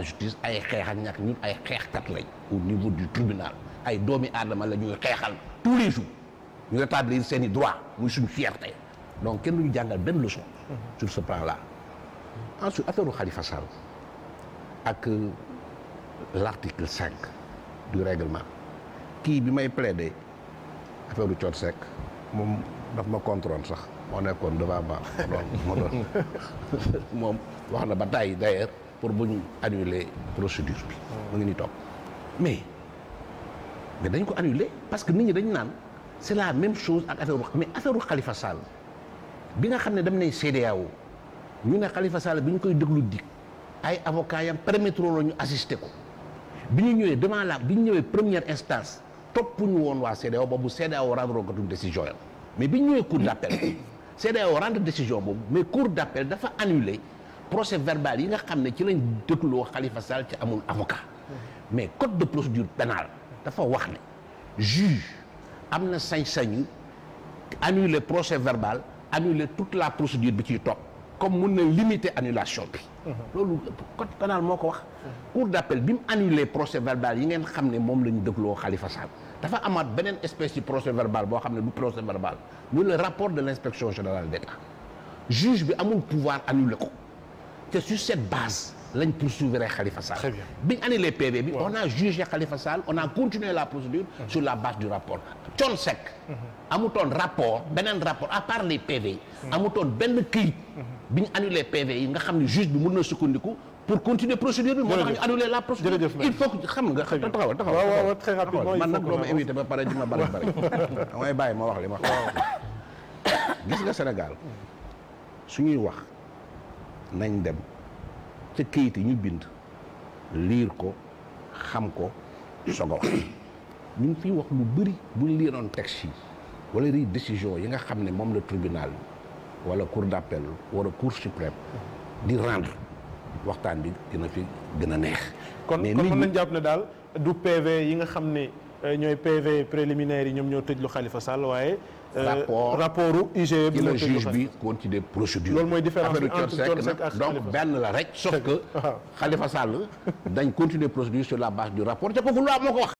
la justice ay xeex ak ñàkk ñun ay xeexkat lañ au niveau du tribunal ay doomi aadama la ñuy xeexal tous les jours ñu rétablir seen i droit muy suñu fierté donc kenn duñu jàngal benn leçon sur ce plan là ensuite affaire u Khalifa Sall ak euh, l' cinq du règlement kii bi may plaider affaire u Thione Seck moom daf ma contrôle sax moo nekkoon devant moom wax na ba tàyyi pour bu ñu annuler procédure bi. mu ngi ni toog mais mais dañ ko annuler parce que nit ñi dañ naan c'est la même chose ak affaire mais affaire Khalifa Sall bi nga xam ne dem nay CEDEAO ñu ne Khalifa Sall bi ñu koy déglu dik ay avocats yam permettre la ñu assister ko bi ñu ñëwee demand la bi ñu ñëwee première instance toppuñu woon waa CEDEAO boobu CEDEAO rendre ko décision yam mais bi ñu ñëwee cour d'appel CEDEAO rendre décision boobu mais cour d'appel dafa annuler. procès verbal yi nga xam ne ci lañ dëgloo Khalifa Sall ci amul avocat mais code de procédure pénale dafa wax ne juge am na sañ-sañu annuler procès verbal annuler toute la procédure bi ciy topp comme mun na limiter annulation bi loolu code pénal moo ko wax cour d'appel bi mu annuler procès verbal yi ngeen xam ne moom la ñu dëgloo xalifa Sall dafa amaat beneen espèce ci procès verbal boo xam ne du procès verbal muy le rapport de l'inspection générale d'État juge bi amul pouvoir annuler ko te sur cette base lañ poursuivre Khalifa Sall. très bien PV bi. on a jugé Khalifa Sall on a continué la procédure. sur la base du rapport. Thione Seck. amutoon rapport beneen rapport à part les PV. amutoon benn këyit. bi ñu annulé PV yi nga xam ne juge bi mën na sukkandiku. pour continuer procédure bi. moo tax ñu annulé la procédure il faut que xam nga. taxawal taxawal man nag doo ma ba pare ji ma bari bari. damay bàyyi ma wax li ma gis nga Sénégal suñuy wax. nañ dem ca kayit yi ñu bind liir ko xam ko soog wax ñu ngi fiy wax lu bëri buñ liiroon texte yi wala rii décision yi nga xam ne moom la tribunal wala cour d'appel wala cour suprême di rendre waxtaan bi dina fi gën a neex. kon kon nañ jàpp ne daal du PV yi nga xam ne euh, ñooy PV préliminaire yi ñoom ñoo tëj lu xalifa Sall waaye. Euh, rapport rapportu IGE bi la bi continuer procédure. loolu mooy différence bi entre donc benn la rek. sauf que ah. Khalifa Sall dañ continuer procédure sur la base du rapport te kooku loi moo ko wax.